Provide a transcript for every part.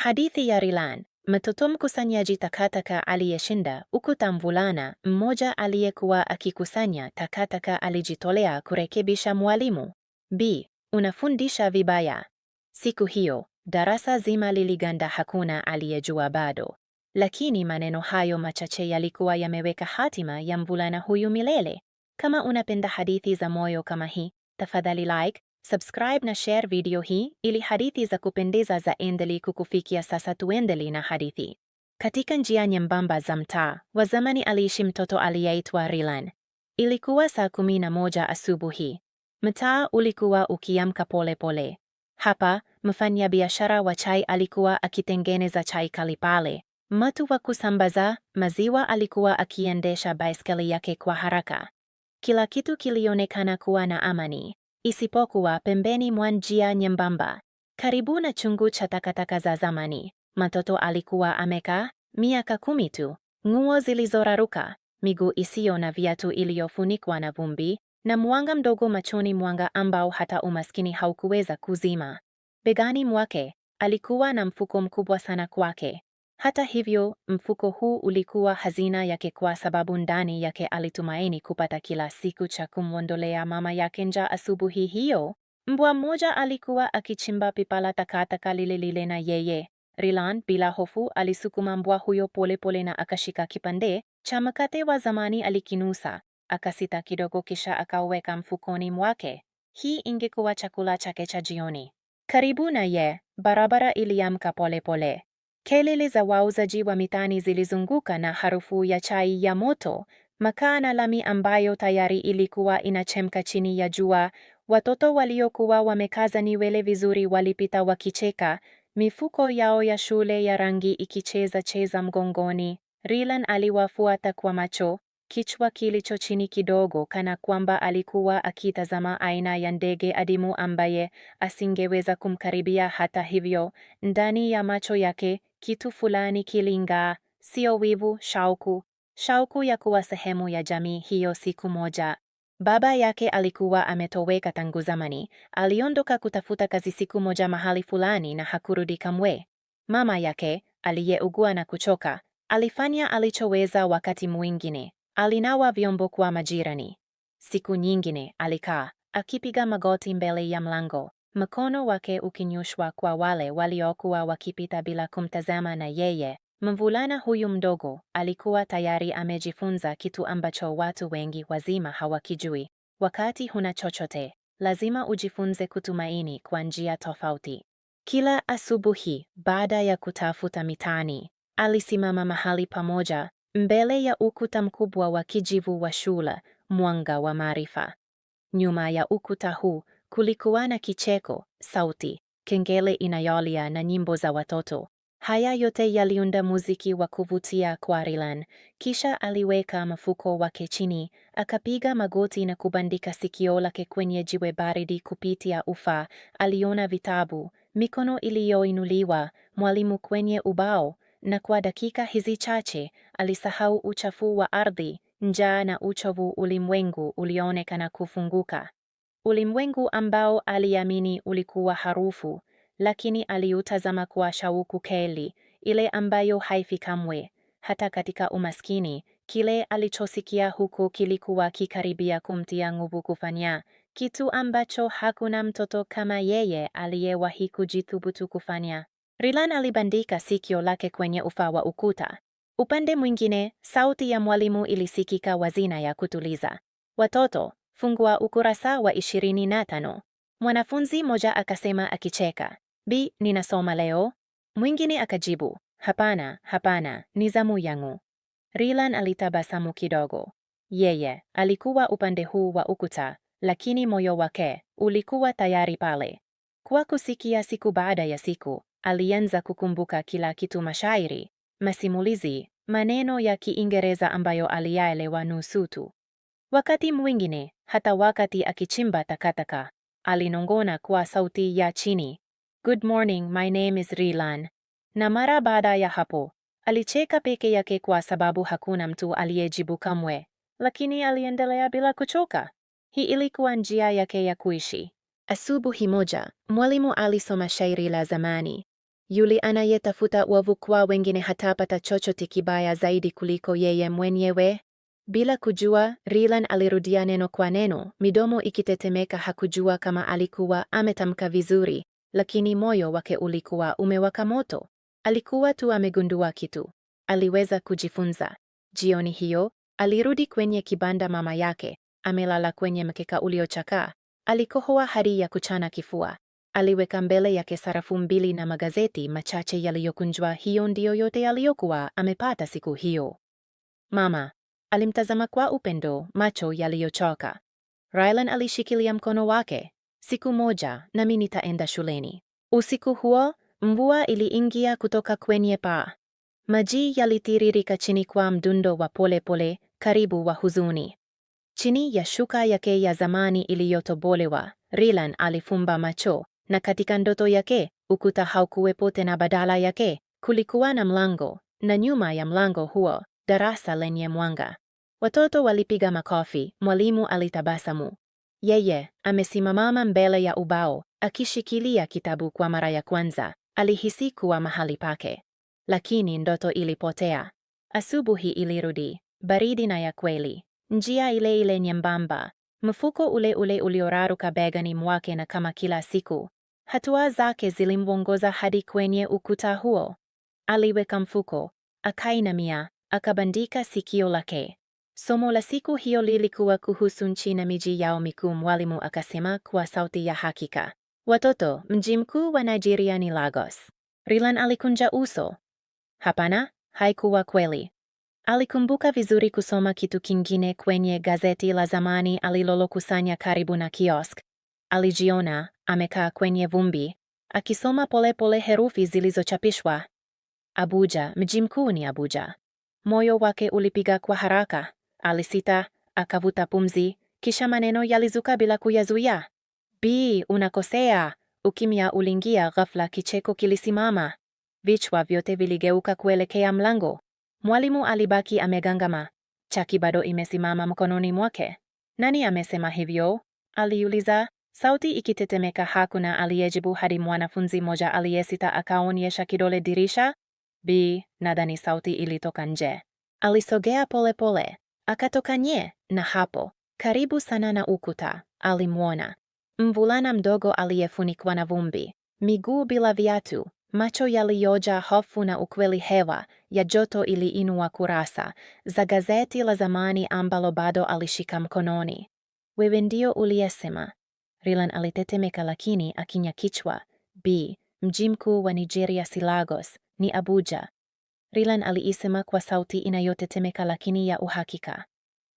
Hadithi ya Rilan, mtoto mkusanyaji takataka aliyeshinda. Ukuta. Mvulana mmoja aliyekuwa akikusanya takataka alijitolea kurekebisha mwalimu. B, unafundisha vibaya. Siku hiyo darasa zima liliganda, hakuna aliyejua bado, lakini maneno hayo machache yalikuwa yameweka hatima ya mvulana huyu milele. Kama unapenda hadithi za moyo kama hii, tafadhali like, Subscribe na share video hii ili hadithi za kupendeza za Endeli kukufikia sasa. Tuendeli na hadithi. Katika njia nyembamba za mtaa wa zamani aliishi mtoto aliyeitwa Rilan. Ilikuwa saa kumi na moja asubuhi. Mtaa ulikuwa ukiamka polepole. Hapa mfanyabiashara wa chai alikuwa akitengeneza chai kali pale. Mtu wa kusambaza maziwa alikuwa akiendesha baiskeli yake kwa haraka. Kila kitu kilionekana kuwa na amani isipokuwa pembeni mwa njia nyembamba karibu na chungu cha takataka za zamani. Matoto alikuwa amekaa, miaka kumi tu, nguo zilizoraruka, miguu isiyo na viatu iliyofunikwa na vumbi, na mwanga mdogo machoni, mwanga ambao hata umaskini haukuweza kuzima. Begani mwake alikuwa na mfuko mkubwa sana kwake, hata hivyo, mfuko huu ulikuwa hazina yake kwa sababu ndani yake alitumaini kupata kila siku cha kumwondolea mama yake njaa. Asubuhi hiyo, mbwa mmoja alikuwa akichimba pipa la takataka lile lile, na yeye Rilan bila hofu alisukuma mbwa huyo polepole pole, na akashika kipande cha mkate wa zamani. Alikinusa, akasita kidogo, kisha akauweka mfukoni mwake. Hii ingekuwa chakula chake cha jioni. Karibu na ye, barabara iliamka polepole. Kelele za wauzaji wa mitaani zilizunguka na harufu ya chai ya moto, makaa na lami ambayo tayari ilikuwa inachemka chini ya jua. Watoto waliokuwa wamekaza nywele vizuri walipita wakicheka, mifuko yao ya shule ya rangi ikicheza cheza mgongoni. Rilan aliwafuata kwa macho, kichwa kilicho chini kidogo, kana kwamba alikuwa akitazama aina ya ndege adimu ambaye asingeweza kumkaribia hata hivyo. Ndani ya macho yake kitu fulani kiling'aa, sio wivu, shauku, shauku ya kuwa sehemu ya jamii hiyo siku moja. Baba yake alikuwa ametoweka tangu zamani, aliondoka kutafuta kazi siku moja mahali fulani na hakurudi kamwe. Mama yake aliyeugua na kuchoka alifanya alichoweza. Wakati mwingine alinawa vyombo kwa majirani. Siku nyingine alikaa akipiga magoti mbele ya mlango, mkono wake ukinyushwa kwa wale waliokuwa wakipita bila kumtazama, na yeye mvulana huyu mdogo alikuwa tayari amejifunza kitu ambacho watu wengi wazima hawakijui. Wakati huna chochote, lazima ujifunze kutumaini kwa njia tofauti. Kila asubuhi baada ya kutafuta mitaani, alisimama mahali pamoja mbele ya ukuta mkubwa wa kijivu wa shule, mwanga wa maarifa. Nyuma ya ukuta huu Kulikuwa na kicheko, sauti, kengele inayolia na nyimbo za watoto. Haya yote yaliunda muziki wa kuvutia kwa Kisha aliweka mfuko wake chini, akapiga magoti na kubandika sikio lake kwenye jiwe baridi. Kupitia ufa aliona vitabu, mikono iliyoinuliwa, mwalimu kwenye ubao, na kwa dakika hizi chache alisahau uchafu wa ardhi, njaa na uchovu. Ulimwengu ulioonekana kufunguka. Ulimwengu ambao aliamini ulikuwa harufu, lakini aliutazama kwa shauku keli, ile ambayo haifi kamwe, hata katika umaskini. Kile alichosikia huko kilikuwa kikaribia kumtia nguvu kufanya kitu ambacho hakuna mtoto kama yeye aliyewahi kujithubutu kufanya. Rilan alibandika sikio lake kwenye ufa wa ukuta. Upande mwingine, sauti ya mwalimu ilisikika wazina ya kutuliza. Watoto, Fungua ukurasa wa 25. Mwanafunzi moja akasema akicheka, Bi, ninasoma leo. Mwingine akajibu, hapana, hapana, ni zamu yangu. Rilan alitabasamu kidogo. Yeye alikuwa upande huu wa ukuta, lakini moyo wake ulikuwa tayari pale. Kwa kusikia siku baada ya siku, alianza kukumbuka kila kitu: mashairi, masimulizi, maneno ya Kiingereza ambayo aliyaelewa nusu tu. Wakati mwingine hata wakati akichimba takataka, alinongona kwa sauti ya chini, Good morning, my name is Rilan. Na mara baada ya hapo alicheka peke yake kwa sababu hakuna mtu aliyejibu kamwe, lakini aliendelea bila kuchoka. Hii ilikuwa njia yake ya kuishi. Asubuhi moja mwalimu alisoma shairi la zamani, yule anayetafuta wavu kwa wengine hatapata chochote kibaya zaidi kuliko yeye mwenyewe. Bila kujua, Rilan alirudia neno kwa neno, midomo ikitetemeka. Hakujua kama alikuwa ametamka vizuri, lakini moyo wake ulikuwa umewaka moto. Alikuwa tu amegundua kitu. Aliweza kujifunza. Jioni hiyo, alirudi kwenye kibanda mama yake, amelala kwenye mkeka uliochakaa. Alikohoa hadi ya kuchana kifua. Aliweka mbele yake sarafu mbili na magazeti machache yaliyokunjwa. Hiyo ndiyo yote aliyokuwa amepata siku hiyo. Mama, Alimtazama kwa upendo, macho yaliyochoka. Rylan alishikilia mkono wake. Siku moja nami nitaenda shuleni. Usiku huo mvua iliingia kutoka kwenye paa. Maji yalitiririka chini kwa mdundo wa polepole, karibu wa huzuni. Chini ya shuka yake ya zamani iliyotobolewa, Rylan alifumba macho, na katika ndoto yake ukuta haukuwepo tena. Badala yake kulikuwa na mlango, na nyuma ya mlango huo darasa lenye mwanga. Watoto walipiga makofi, mwalimu alitabasamu. Yeye amesimama mbele ya ubao akishikilia kitabu kwa mara ya kwanza. Alihisi kuwa mahali pake, lakini ndoto ilipotea. Asubuhi ilirudi, baridi na ya kweli, njia ile ile nyembamba, mfuko ule ule ulioraruka begani mwake, na kama kila siku, hatua zake zilimwongoza hadi kwenye ukuta huo. Aliweka mfuko, akainamia, akabandika sikio lake. Somo la siku hiyo lilikuwa kuhusu nchi na miji yao mikuu. Mwalimu akasema kwa sauti ya hakika, watoto, mji mkuu wa Nigeria ni Lagos. Rilan alikunja uso. Hapana, haikuwa kweli. Alikumbuka vizuri kusoma kitu kingine kwenye gazeti la zamani alilolokusanya karibu na kiosk. Alijiona amekaa kwenye vumbi akisoma polepole pole herufi zilizochapishwa. Abuja, mji mkuu ni Abuja. Moyo wake ulipiga kwa haraka, alisita, akavuta pumzi, kisha maneno yalizuka bila kuyazuia. Bi, unakosea. Ukimya ulingia ghafla, kicheko kilisimama, vichwa vyote viligeuka kuelekea mlango. Mwalimu alibaki amegangama, chaki bado imesimama mkononi mwake. Nani amesema hivyo? aliuliza, sauti ikitetemeka. Hakuna aliyejibu hadi mwanafunzi mmoja aliyesita akaonyesha kidole dirisha, B, nadhani sauti ilitoka nje. Alisogea polepole pole, akatoka nye na hapo karibu sana na ukuta alimwona mvulana mdogo aliyefunikwa na vumbi, miguu bila viatu, macho yaliyoja hofu na ukweli. Hewa ya joto iliinua kurasa za gazeti la zamani ambalo bado alishika mkononi. Wewe ndio uliyesema, Rilan alitetemeka, lakini akinya kichwa. Bi, mji mkuu wa Nigeria si Lagos, ni Abuja, Rilan aliisema kwa sauti inayotetemeka lakini ya uhakika.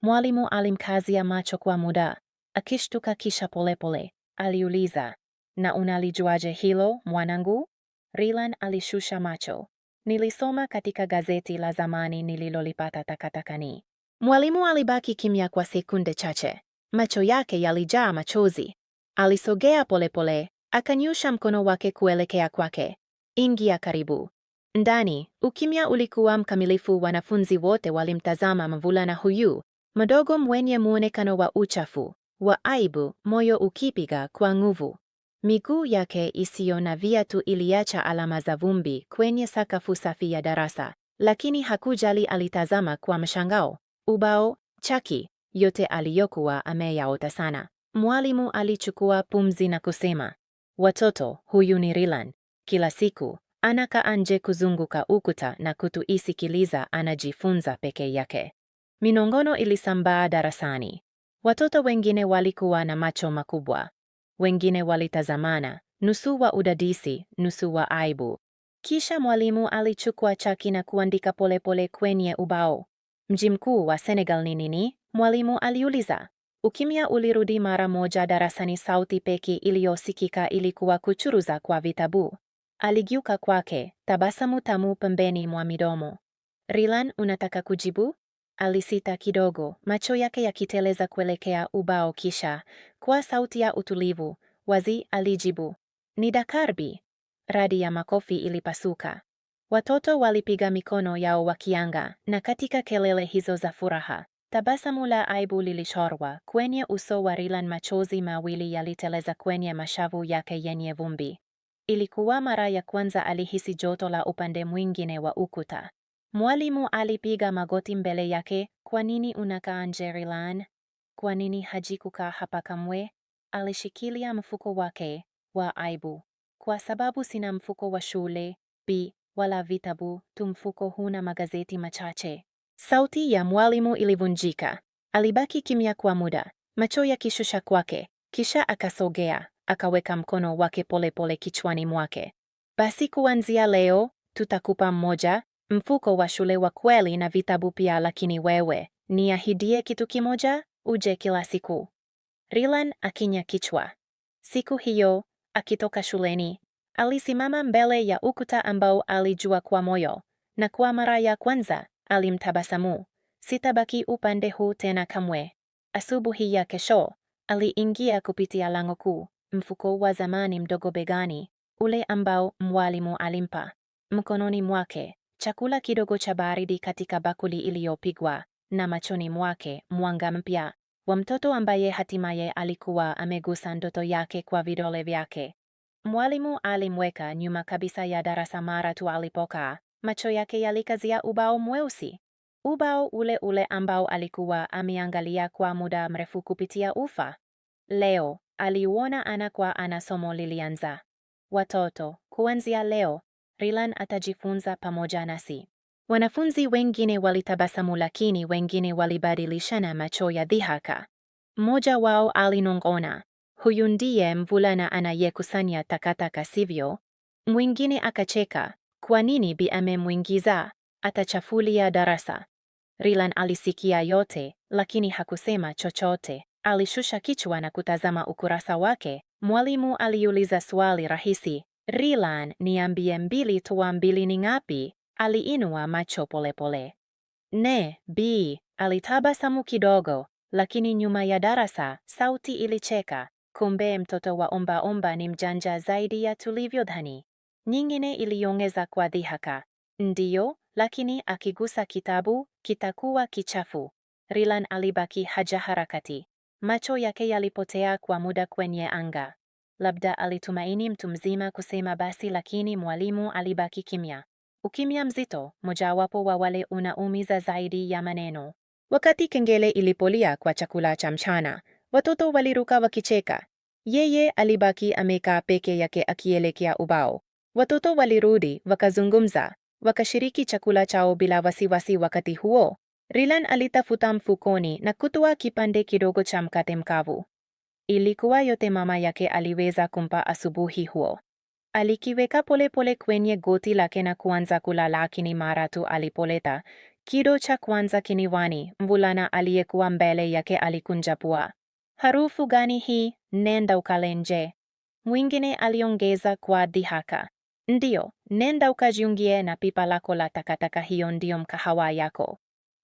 Mwalimu alimkazia macho kwa muda, akishtuka, kisha polepole aliuliza, na unalijuaje hilo mwanangu? Rilan alishusha macho. Nilisoma katika gazeti la zamani nililolipata takatakani. Mwalimu alibaki kimya kwa sekunde chache, macho yake yalijaa machozi. Alisogea polepole, akanyusha mkono wake kuelekea kwake. Ingia karibu, ndani, ukimya ulikuwa mkamilifu. Wanafunzi wote walimtazama mvulana huyu mdogo mwenye muonekano wa uchafu, wa aibu, moyo ukipiga kwa nguvu. Miguu yake isiyo na viatu iliacha alama za vumbi kwenye sakafu safi ya darasa, lakini hakujali. Alitazama kwa mshangao ubao, chaki, yote aliyokuwa ameyaota sana. Mwalimu alichukua pumzi na kusema, watoto, huyu ni Rilan. Kila siku Anakaa nje kuzunguka ukuta na kutuisikiliza, anajifunza peke yake. Minongono ilisambaa darasani. Watoto wengine walikuwa na macho makubwa, wengine walitazamana, nusu wa udadisi, nusu wa aibu. Kisha mwalimu alichukua chaki na kuandika polepole kwenye ubao. Mji mkuu wa Senegal ni nini? Mwalimu aliuliza. Ukimya ulirudi mara moja darasani. Sauti peki iliyosikika ilikuwa kuchuruza kwa vitabu aligiuka kwake, tabasamu tamu pembeni mwa midomo. Rilan, unataka kujibu? Alisita kidogo, macho yake yakiteleza kuelekea ubao, kisha kwa sauti ya utulivu wazi alijibu, ni Dakarbi. Radi ya makofi ilipasuka, watoto walipiga mikono yao wakianga, na katika kelele hizo za furaha tabasamu la aibu lilichorwa kwenye uso wa Rilan. Machozi mawili yaliteleza kwenye mashavu yake yenye vumbi. Ilikuwa mara ya kwanza alihisi joto la upande mwingine wa ukuta. Mwalimu alipiga magoti mbele yake. Kwa nini unakaa nje Kwa nini hajikukaa hapa kamwe? Alishikilia mfuko wake wa aibu. Kwa sababu sina mfuko wa shule b wala vitabu, tu mfuko huna magazeti machache. Sauti ya mwalimu ilivunjika. Alibaki kimya kwa muda, macho yakishusha kwake, kisha akasogea akaweka mkono wake polepole pole kichwani mwake. Basi kuanzia leo tutakupa mmoja, mfuko wa shule wa kweli na vitabu pia, lakini wewe niahidie kitu kimoja, uje kila siku. Rilan akinya kichwa. Siku hiyo akitoka shuleni alisimama mbele ya ukuta ambao alijua kwa moyo, na kwa mara ya kwanza alimtabasamu. Sitabaki upande huu tena kamwe. Asubuhi ya kesho aliingia kupitia lango kuu, mfuko wa zamani mdogo begani, ule ambao mwalimu alimpa. Mkononi mwake chakula kidogo cha baridi katika bakuli iliyopigwa, na machoni mwake mwanga mpya wa mtoto ambaye hatimaye alikuwa amegusa ndoto yake kwa vidole vyake. Mwalimu alimweka nyuma kabisa ya darasa mara tu alipokaa. Macho yake yalikazia ubao mweusi, ubao ule ule ambao alikuwa ameangalia kwa muda mrefu kupitia ufa. Leo Aliuona ana kwa ana. Somo lilianza. Watoto, kuanzia leo Rilan atajifunza pamoja nasi. Wanafunzi wengine walitabasamu, lakini wengine walibadilishana macho ya dhihaka. Mmoja wao alinong'ona, huyu ndiye mvulana anayekusanya takataka, sivyo? Mwingine akacheka, kwa nini bi amemwingiza? Atachafulia darasa. Rilan alisikia yote, lakini hakusema chochote. Alishusha kichwa na kutazama ukurasa wake. Mwalimu aliuliza swali rahisi, Rilan, niambie mbili toa mbili ni ngapi? Aliinua macho polepole. Ne, b alitabasamu kidogo, lakini nyuma ya darasa sauti ilicheka. Kumbe mtoto wa ombaomba ni mjanja zaidi ya tulivyodhani. Nyingine iliongeza kwa dhihaka, ndiyo, lakini akigusa kitabu kitakuwa kichafu. Rilan alibaki haja harakati. Macho yake yalipotea kwa muda kwenye anga. Labda alitumaini mtu mzima kusema basi, lakini mwalimu alibaki kimya. Ukimya mzito, mojawapo wa wale unaumiza zaidi ya maneno. Wakati kengele ilipolia kwa chakula cha mchana, watoto waliruka wakicheka. Yeye alibaki amekaa peke yake akielekea ubao. Watoto walirudi, wakazungumza, wakashiriki chakula chao bila wasiwasi. Wakati huo Rilan alitafuta mfukoni na kutoa kipande kidogo cha mkate mkavu. Ilikuwa yote mama yake aliweza kumpa asubuhi huo. Alikiweka polepole kwenye goti lake na kuanza kula, lakini mara tu alipoleta kido cha kwanza kiniwani mvulana aliyekuwa mbele yake alikunja pua. Harufu gani hii? Nenda ukale nje, mwingine aliongeza kwa dhihaka. ndio nenda ukajiungie na pipa lako la takataka, hiyo ndiyo mkahawa yako.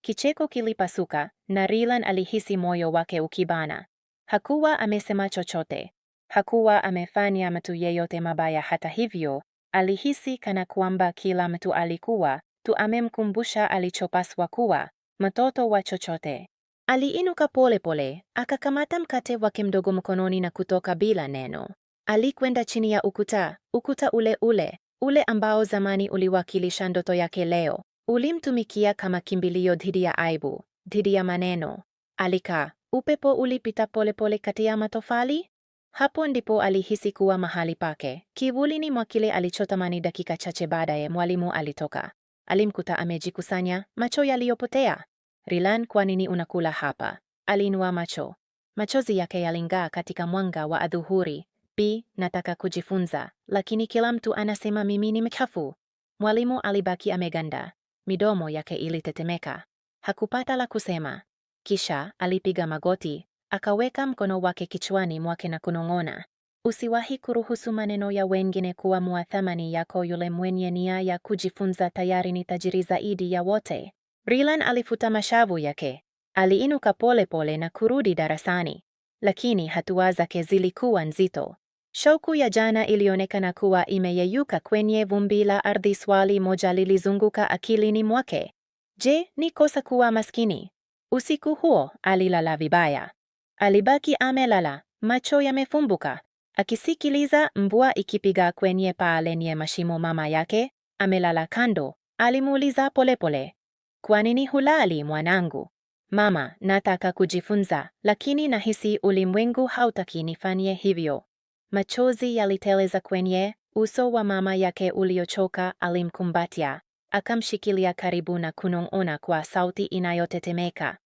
Kicheko kilipasuka na Rilan alihisi moyo wake ukibana. Hakuwa amesema chochote, hakuwa amefanya mtu yeyote mabaya. Hata hivyo, alihisi kana kwamba kila mtu alikuwa tu amemkumbusha alichopaswa kuwa, mtoto wa chochote. Aliinuka polepole, akakamata mkate wake mdogo mkononi na kutoka bila neno. Alikwenda chini ya ukuta, ukuta ule ule, ule ambao zamani uliwakilisha ndoto yake leo. Ulimtumikia kama kimbilio dhidi ya aibu, dhidi ya maneno. Alikaa, upepo ulipita polepole kati ya matofali. Hapo ndipo alihisi kuwa mahali pake, kivulini mwa kile alichotamani. Dakika chache baadaye mwalimu alitoka. Alimkuta amejikusanya, macho yaliyopotea. Rilan, kwa nini unakula hapa? alinua macho, machozi yake yaling'aa katika mwanga wa adhuhuri. Bi, nataka kujifunza, lakini kila mtu anasema mimi ni mchafu. Mwalimu alibaki ameganda midomo yake ilitetemeka. Hakupata la kusema. Kisha alipiga magoti, akaweka mkono wake kichwani mwake na kunong'ona, usiwahi kuruhusu maneno ya wengine kuamua thamani yako. Yule mwenye nia ya kujifunza tayari ni tajiri zaidi ya wote. Rilan alifuta mashavu yake, aliinuka polepole na kurudi darasani, lakini hatua zake zilikuwa nzito. Shauku ya jana ilionekana kuwa imeyeyuka kwenye vumbi la ardhi. Swali moja lilizunguka akilini mwake: je, ni kosa kuwa maskini? Usiku huo alilala vibaya. Alibaki amelala, macho yamefumbuka, akisikiliza mvua ikipiga kwenye paa lenye mashimo. Mama yake amelala kando, alimuuliza polepole, kwa nini hulali mwanangu? Mama, nataka kujifunza, lakini nahisi ulimwengu hautaki nifanye hivyo. Machozi yaliteleza kwenye uso wa mama yake uliochoka. Alimkumbatia, akamshikilia karibu na kunong'ona kwa sauti inayotetemeka,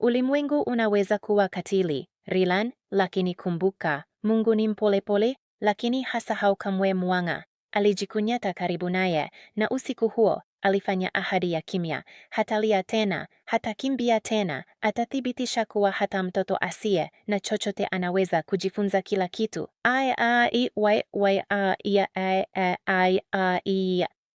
ulimwengu unaweza kuwa katili Rilan, lakini kumbuka, Mungu ni mpolepole, lakini hasahau kamwe. Mwanga alijikunyata karibu naye, na usiku huo Alifanya ahadi ya kimya, hatalia tena, hatakimbia tena, atathibitisha kuwa hata mtoto asiye na chochote anaweza kujifunza kila kitu.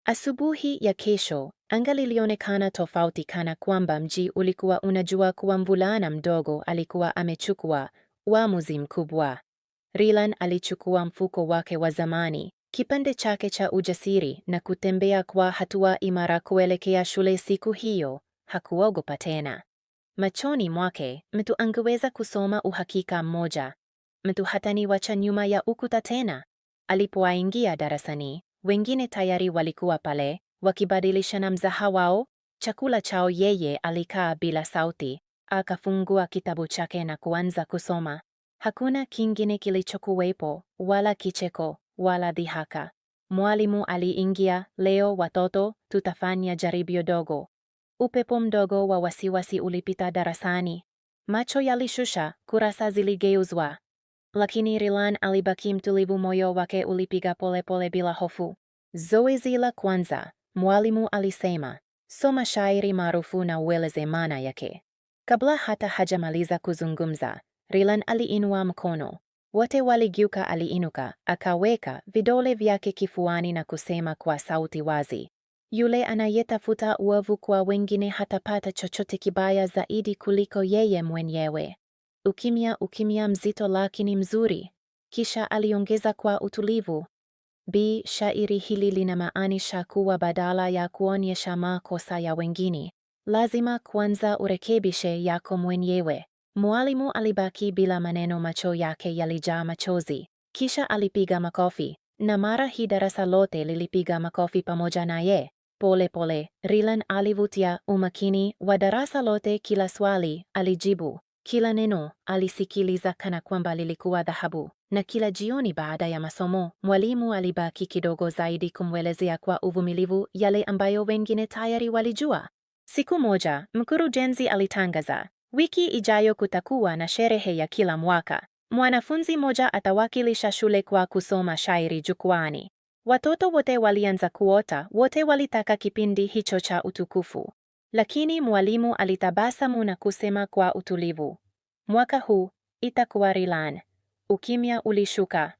Asubuhi ya kesho anga lilionekana tofauti, kana kwamba mji ulikuwa unajua kuwa mvulana mdogo alikuwa amechukua uamuzi mkubwa. Rilan alichukua mfuko wake wa zamani kipande chake cha ujasiri na kutembea kwa hatua imara kuelekea shule. Siku hiyo hakuogopa tena. Machoni mwake mtu angeweza kusoma uhakika mmoja: mtu hataniwacha nyuma ya ukuta tena. alipoaingia darasani, wengine tayari walikuwa pale wakibadilishana mzaha wao, chakula chao. Yeye alikaa bila sauti, akafungua kitabu chake na kuanza kusoma. Hakuna kingine kilichokuwepo, wala kicheko, wala dhihaka Mwalimu aliingia. Leo watoto, tutafanya jaribio dogo. Upepo mdogo wa wasiwasi ulipita darasani. Macho yalishusha, kurasa ziligeuzwa, lakini Rilan alibaki mtulivu, moyo wake ulipiga polepole bila hofu. Zoezi la kwanza, mwalimu alisema, soma shairi maarufu na ueleze maana yake. Kabla hata hajamaliza kuzungumza, Rilan aliinua mkono. Wote waligeuka. Aliinuka, akaweka vidole vyake kifuani na kusema kwa sauti wazi, yule anayetafuta uovu kwa wengine hatapata chochote kibaya zaidi kuliko yeye mwenyewe. Ukimya, ukimya mzito lakini mzuri. Kisha aliongeza kwa utulivu, Bi, shairi hili linamaanisha kuwa badala ya kuonyesha makosa ya wengine, lazima kwanza urekebishe yako mwenyewe. Mwalimu alibaki bila maneno, macho yake yalijaa machozi. Kisha alipiga makofi na mara hii darasa lote lilipiga makofi pamoja naye. Pole pole Rilan alivutia umakini wa darasa lote. Kila swali alijibu, kila neno alisikiliza kana kwamba lilikuwa dhahabu. Na kila jioni baada ya masomo, mwalimu alibaki kidogo zaidi kumwelezea kwa uvumilivu yale ambayo wengine tayari walijua. Siku moja mkurugenzi alitangaza Wiki ijayo kutakuwa na sherehe ya kila mwaka. Mwanafunzi mmoja atawakilisha shule kwa kusoma shairi jukwani. Watoto wote walianza kuota, wote walitaka kipindi hicho cha utukufu. Lakini mwalimu alitabasamu na kusema kwa utulivu, mwaka huu itakuwa Rilan. Ukimya ulishuka,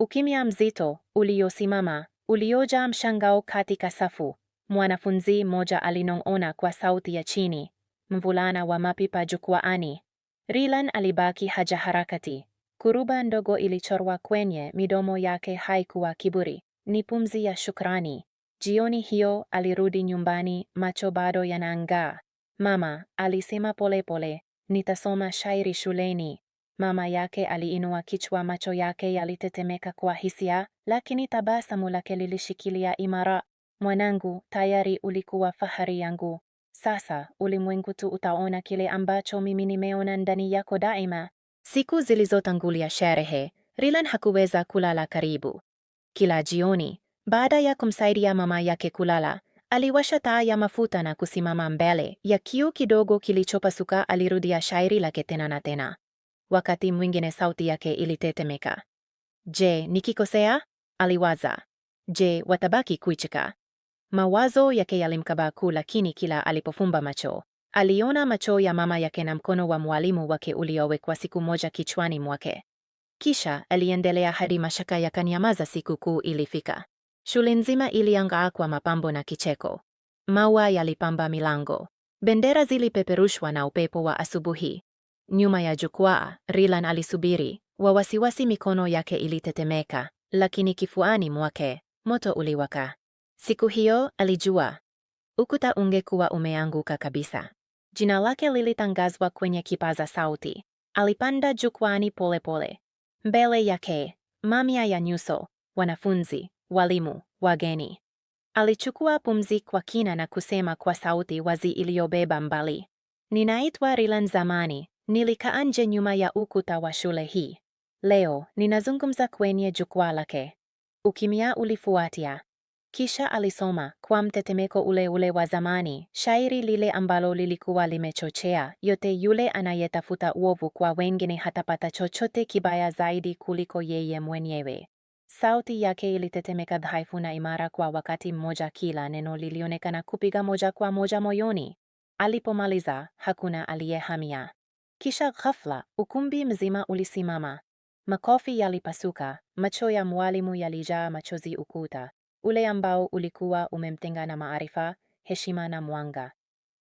ukimya mzito uliosimama, uliojaa mshangao katika safu. Mwanafunzi mmoja alinong'ona kwa sauti ya chini, mvulana wa mapipa jukwaani. Rilan alibaki hajaharakati. Kuruba ndogo ilichorwa kwenye midomo yake haikuwa kiburi, ni pumzi ya shukrani. Jioni hiyo alirudi nyumbani, macho bado yanang'aa. Mama, alisema polepole, nitasoma shairi shuleni. Mama yake aliinua kichwa, macho yake yalitetemeka kwa hisia, lakini tabasamu lake lilishikilia imara. Mwanangu, tayari ulikuwa fahari yangu, sasa ulimwengu tu utaona kile ambacho mimi nimeona ndani yako daima. Siku zilizotangulia sherehe, Rilan hakuweza kulala karibu. Kila jioni, baada ya kumsaidia mama yake kulala, aliwasha taa ya mafuta na kusimama mbele ya kiu kidogo kilichopasuka. Alirudia shairi lake tena na tena, wakati mwingine sauti yake ilitetemeka. Je, nikikosea? Aliwaza. Je, watabaki kuicheka? Mawazo yake yalimkaba kuu, lakini kila alipofumba macho aliona macho ya mama yake na mkono wa mwalimu wake uliowekwa siku moja kichwani mwake. Kisha aliendelea hadi mashaka yakanyamaza. Siku kuu ilifika. Shule nzima iliangaa kwa mapambo na kicheko. Maua yalipamba milango, bendera zilipeperushwa na upepo wa asubuhi. Nyuma ya jukwaa, Rilan alisubiri wa wasiwasi, mikono yake ilitetemeka, lakini kifuani mwake moto uliwaka. Siku hiyo alijua ukuta ungekuwa umeanguka kabisa. Jina lake lilitangazwa kwenye kipaza sauti. Alipanda jukwani polepole. Mbele yake mamia ya nyuso, wanafunzi, walimu, wageni. Alichukua pumzi kwa kina na kusema kwa sauti wazi iliyobeba mbali, ninaitwa Rilan Zamani, nilikaa nje nyuma ya ukuta wa shule hii. Leo ninazungumza kwenye jukwaa lake. Ukimya ulifuatia, kisha alisoma kwa mtetemeko ule ule wa zamani shairi lile ambalo lilikuwa limechochea yote, yule anayetafuta uovu kwa wengine hatapata chochote kibaya zaidi kuliko yeye mwenyewe. Sauti yake ilitetemeka dhaifu na imara kwa wakati mmoja, kila neno lilionekana kupiga moja kwa moja moyoni. Alipomaliza hakuna aliyehamia. Kisha ghafla ukumbi mzima ulisimama, makofi yalipasuka, macho ya mwalimu yalijaa machozi. Ukuta ule ambao ulikuwa umemtenga na maarifa, heshima na mwanga.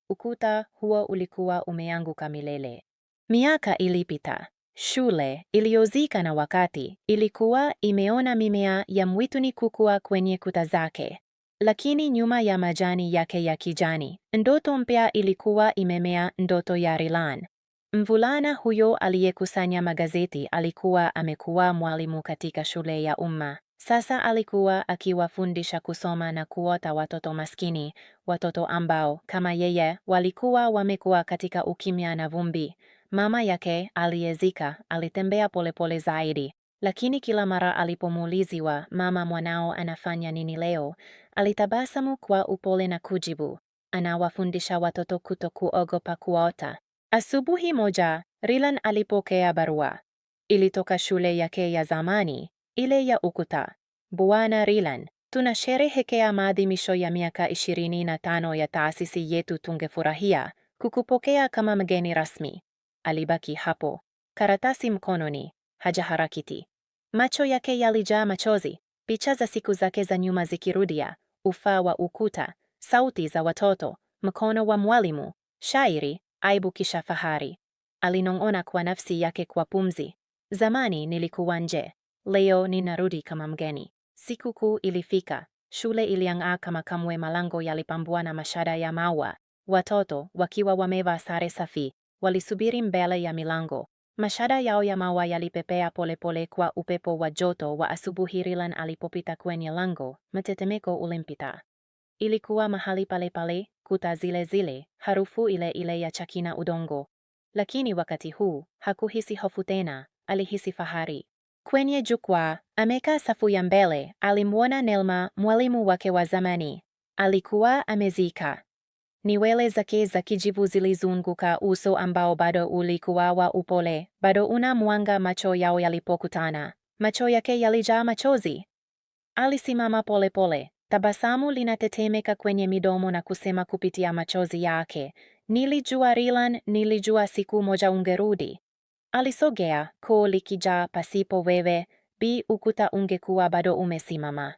Ukuta huo ulikuwa umeanguka milele. Miaka ilipita. Shule iliyozika na wakati ilikuwa imeona mimea ya mwituni kukua kwenye kuta zake, lakini nyuma ya majani yake ya kijani ndoto mpya ilikuwa imemea, ndoto ya Rilan. Mvulana huyo aliyekusanya magazeti alikuwa amekuwa mwalimu katika shule ya umma. Sasa alikuwa akiwafundisha kusoma na kuota watoto maskini, watoto ambao kama yeye walikuwa wamekuwa katika ukimya na vumbi. Mama yake aliyezika alitembea polepole zaidi, lakini kila mara alipomuuliziwa, mama, mwanao anafanya nini leo, alitabasamu kwa upole na kujibu, anawafundisha watoto kuto kuogopa kuota. Asubuhi moja Rilan alipokea barua. Ilitoka shule yake ya zamani ile ya ukuta. Bwana Rilan, tunasherehekea maadhimisho ya miaka 25 ya taasisi yetu. Tungefurahia kukupokea kama mgeni rasmi. Alibaki hapo, karatasi mkononi, hajaharakiti. Macho yake yalijaa machozi, picha za siku zake za nyuma zikirudia, ufaa wa ukuta, sauti za watoto, mkono wa mwalimu, shairi, aibu kisha fahari. Alinong'ona kwa nafsi yake kwa pumzi, zamani nilikuwa nje, Leo ninarudi kama mgeni. Siku kuu ilifika. Shule iliang'aa kama kamwe, malango yalipambua na mashada ya maua. Watoto wakiwa wamevaa sare safi walisubiri mbele ya milango. Mashada yao ya maua yalipepea polepole kwa upepo wa joto wa asubuhi. Rilan alipopita kwenye lango, mtetemeko ulimpita. Ilikuwa mahali pale pale, kuta zile zile, harufu ile ile ya chakina udongo, lakini wakati huu hakuhisi hofu tena, alihisi fahari. Kwenye jukwaa, amekaa safu ya mbele, alimwona Nelma, mwalimu wake wa zamani. Alikuwa amezika. Nywele zake za kijivu zilizunguka uso ambao bado ulikuwa wa upole, bado una mwanga. Macho yao yalipokutana, macho yake yalijaa machozi. Alisimama polepole, tabasamu linatetemeka kwenye midomo na kusema kupitia machozi yake, nilijua Rilan, nilijua siku moja ungerudi. Alisogea ko likijaa pasipo wewe, bi ukuta ungekuwa bado umesimama.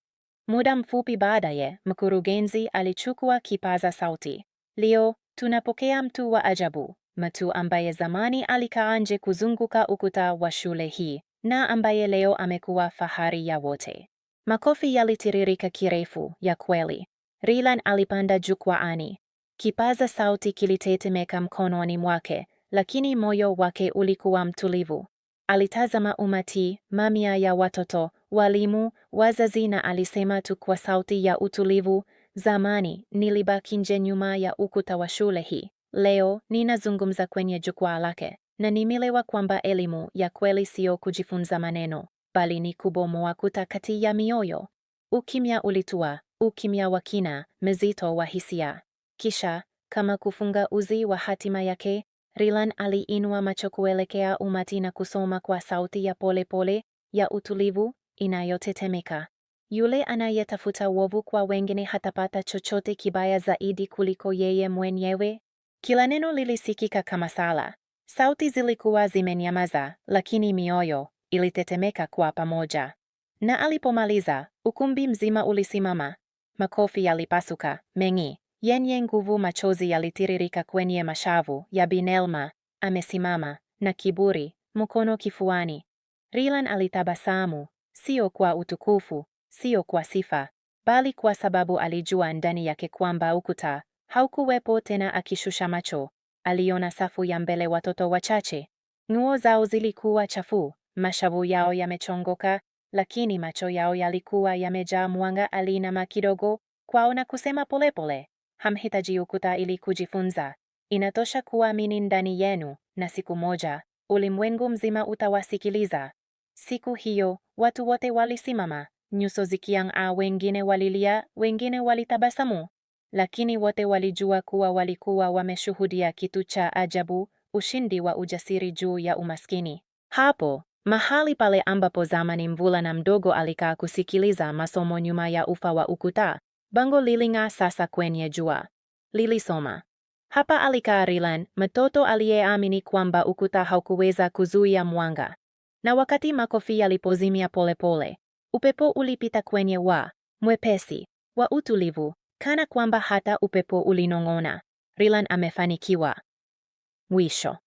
Muda mfupi baadaye, mkurugenzi alichukua kipaza sauti. Leo tunapokea mtu wa ajabu, mtu ambaye zamani alikaa nje kuzunguka ukuta wa shule hii na ambaye leo amekuwa fahari ya wote. Makofi yalitiririka kirefu ya kweli. Rilan alipanda jukwaani, kipaza sauti kilitetemeka mkononi mwake, lakini moyo wake ulikuwa mtulivu. Alitazama umati, mamia ya watoto, walimu, wazazi na alisema tu kwa sauti ya utulivu, zamani nilibaki nje nyuma ya ukuta wa shule hii. Leo ninazungumza kwenye jukwaa lake na nimelewa kwamba elimu ya kweli sio kujifunza maneno, bali ni kubomoa kuta kati ya mioyo. Ukimya ulitua, ukimya wa kina, mzito wa hisia. Kisha, kama kufunga uzi wa hatima yake, Rilan aliinua macho kuelekea umati na kusoma kwa sauti ya polepole pole, ya utulivu inayotetemeka. Yule anayetafuta wovu kwa wengine hatapata chochote kibaya zaidi kuliko yeye mwenyewe. Kila neno lilisikika kama sala. Sauti zilikuwa zimenyamaza, lakini mioyo ilitetemeka kwa pamoja. Na alipomaliza, ukumbi mzima ulisimama. Makofi yalipasuka mengi, yenye nguvu, machozi yalitiririka kwenye mashavu ya Binelma. Amesimama na kiburi, mkono kifuani. Rilan alitabasamu, sio kwa utukufu, sio kwa sifa, bali kwa sababu alijua ndani yake kwamba ukuta haukuwepo tena. Akishusha macho, aliona safu ya mbele, watoto wachache. Nguo zao zilikuwa chafu, mashavu yao yamechongoka, lakini macho yao yalikuwa yamejaa mwanga. Aliinama kidogo kwao na kusema polepole, hamhitaji ukuta ili kujifunza. Inatosha kuamini ndani yenu, na siku moja ulimwengu mzima utawasikiliza. Siku hiyo watu wote walisimama, nyuso zikiang'aa. Wengine walilia, wengine walitabasamu, lakini wote walijua kuwa walikuwa wameshuhudia kitu cha ajabu, ushindi wa ujasiri juu ya umaskini. Hapo mahali pale ambapo zamani mvulana mdogo alikaa kusikiliza masomo nyuma ya ufa wa ukuta, Bango liling'aa sasa kwenye jua. Lilisoma, hapa alikaa Rylan, mtoto aliyeamini kwamba ukuta haukuweza kuzuia mwanga. Na wakati makofi yalipozimia polepole, upepo ulipita kwenye wa mwepesi wa utulivu, kana kwamba hata upepo ulinong'ona, Rilan amefanikiwa. Mwisho.